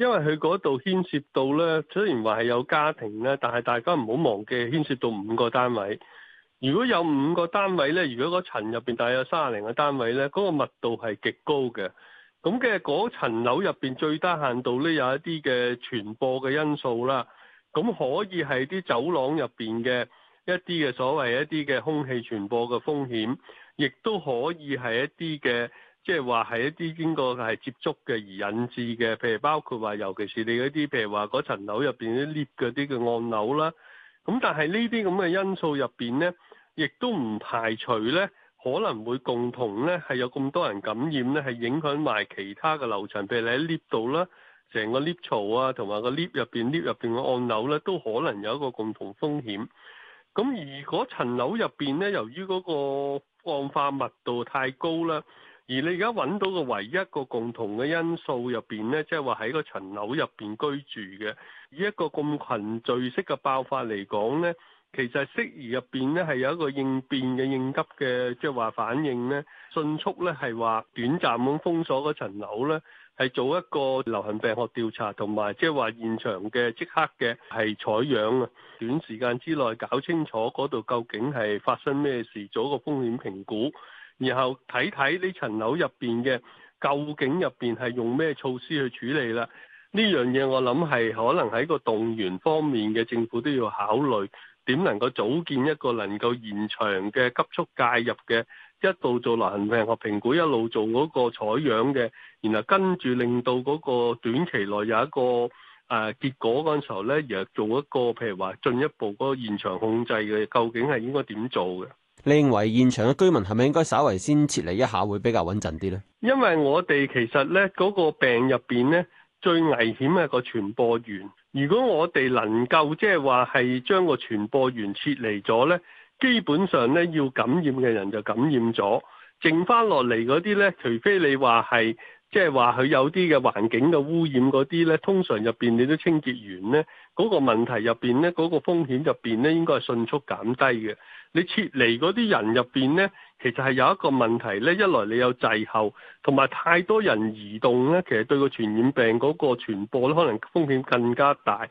因為佢嗰度牽涉到呢，雖然話係有家庭呢，但係大家唔好忘記牽涉到五個單位。如果有五個單位呢，如果嗰層入邊大約三十零個單位呢，嗰、嗰個密度係極高嘅。咁嘅嗰層樓入邊最低限度呢，有一啲嘅傳播嘅因素啦。咁可以係啲走廊入邊嘅一啲嘅所謂一啲嘅空氣傳播嘅風險，亦都可以係一啲嘅。即係話係一啲經過係接觸嘅而引致嘅，譬如包括話，尤其是你嗰啲，譬如話嗰層樓入邊啲 lift 啲嘅按鈕啦，咁但係呢啲咁嘅因素入邊咧，亦都唔排除咧可能會共同咧係有咁多人感染咧，係影響埋其他嘅樓層，譬如你喺 lift 度啦，成個 lift 槽啊，同埋個 lift 入邊 lift 入邊嘅按鈕咧，都可能有一個共同風險。咁而嗰層樓入邊咧，由於嗰個放化密度太高啦。而你而家揾到嘅唯一一個共同嘅因素入邊咧，即係話喺個層樓入邊居住嘅，以一個咁群聚式嘅爆發嚟講咧，其實適宜入邊咧係有一個應變嘅應急嘅，即係話反應咧，迅速咧係話短暫咁封鎖嗰層樓咧，係做一個流行病學調查同埋即係話現場嘅即刻嘅係採樣啊，短時間之內搞清楚嗰度究竟係發生咩事，做一個風險評估。然後睇睇呢層樓入邊嘅究竟入邊係用咩措施去處理啦？呢樣嘢我諗係可能喺個動員方面嘅政府都要考慮點能夠組建一個能夠現場嘅急速介入嘅，一路做流行病學評估，一路做嗰個採樣嘅，然後跟住令到嗰個短期內有一個誒、呃、結果嗰陣時候咧，若做一個譬如話進一步嗰個現場控制嘅，究竟係應該點做嘅？你認為現場嘅居民係咪應該稍為先撤離一下會比較穩陣啲呢？因為我哋其實呢嗰個病入邊呢，最危險係個傳播源。如果我哋能夠即係話係將個傳播源撤離咗呢，基本上呢要感染嘅人就感染咗，剩翻落嚟嗰啲呢，除非你話係。即係話佢有啲嘅環境嘅污染嗰啲呢，通常入邊你都清潔完呢嗰個問題入邊呢，嗰個風險入邊呢應該係迅速減低嘅。你撤離嗰啲人入邊呢，其實係有一個問題呢：一來你有滯後，同埋太多人移動呢，其實對個傳染病嗰個傳播呢可能風險更加大。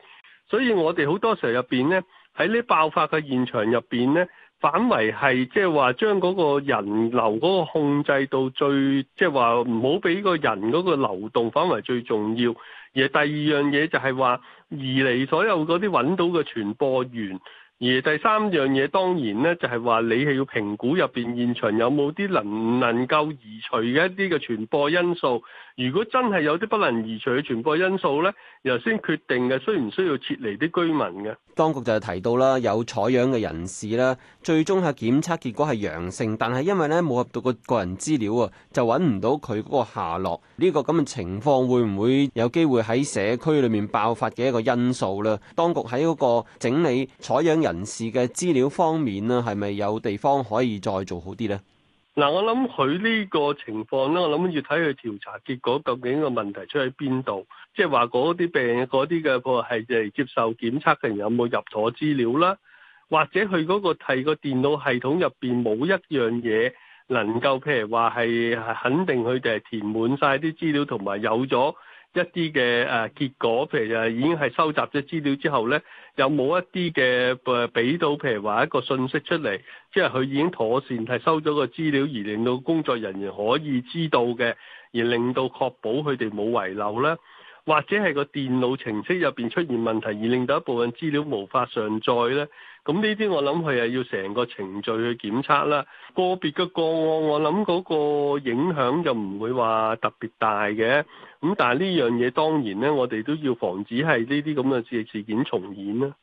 所以我哋好多時候入邊呢，喺呢爆發嘅現場入邊呢。反為係即係話，將嗰個人流嗰個控制到最，即係話唔好俾個人嗰個流動，反為最重要。而第二樣嘢就係話，而嚟所有嗰啲揾到嘅傳播源。而第三樣嘢當然咧，就係話你係要評估入邊現場有冇啲能唔能夠移除嘅一啲嘅傳播因素。如果真係有啲不能移除嘅傳播因素咧，又先決定嘅需唔需要撤離啲居民嘅。當局就係提到啦，有採樣嘅人士啦，最終係檢測結果係陽性，但係因為咧冇入到個個人資料啊，就揾唔到佢嗰個下落。呢個咁嘅情況會唔會有機會喺社區裏面爆發嘅一個因素咧？當局喺嗰個整理採樣。人士嘅資料方面呢係咪有地方可以再做好啲呢？嗱，我諗佢呢個情況呢，我諗住睇佢調查結果究竟個問題出喺邊度，即係話嗰啲病嗰啲嘅個係接受檢測嘅人有冇入妥資料啦，或者佢嗰、係嗰個電腦系統入邊冇一樣嘢能夠譬如話係係肯定佢哋係填滿晒啲資料同埋有咗。一啲嘅誒結果，譬如誒已經係收集咗資料之後，呢有冇一啲嘅誒俾到，譬如話一個信息出嚟，即係佢已經妥善係收咗個資料，而令到工作人員可以知道嘅，而令到確保佢哋冇遺漏呢。或者係個電腦程式入邊出現問題而令到一部分資料無法上載呢，咁呢啲我諗係係要成個程序去檢測啦。個別嘅個案我諗嗰個影響就唔會話特別大嘅。咁但係呢樣嘢當然呢，我哋都要防止係呢啲咁嘅事事件重演啦。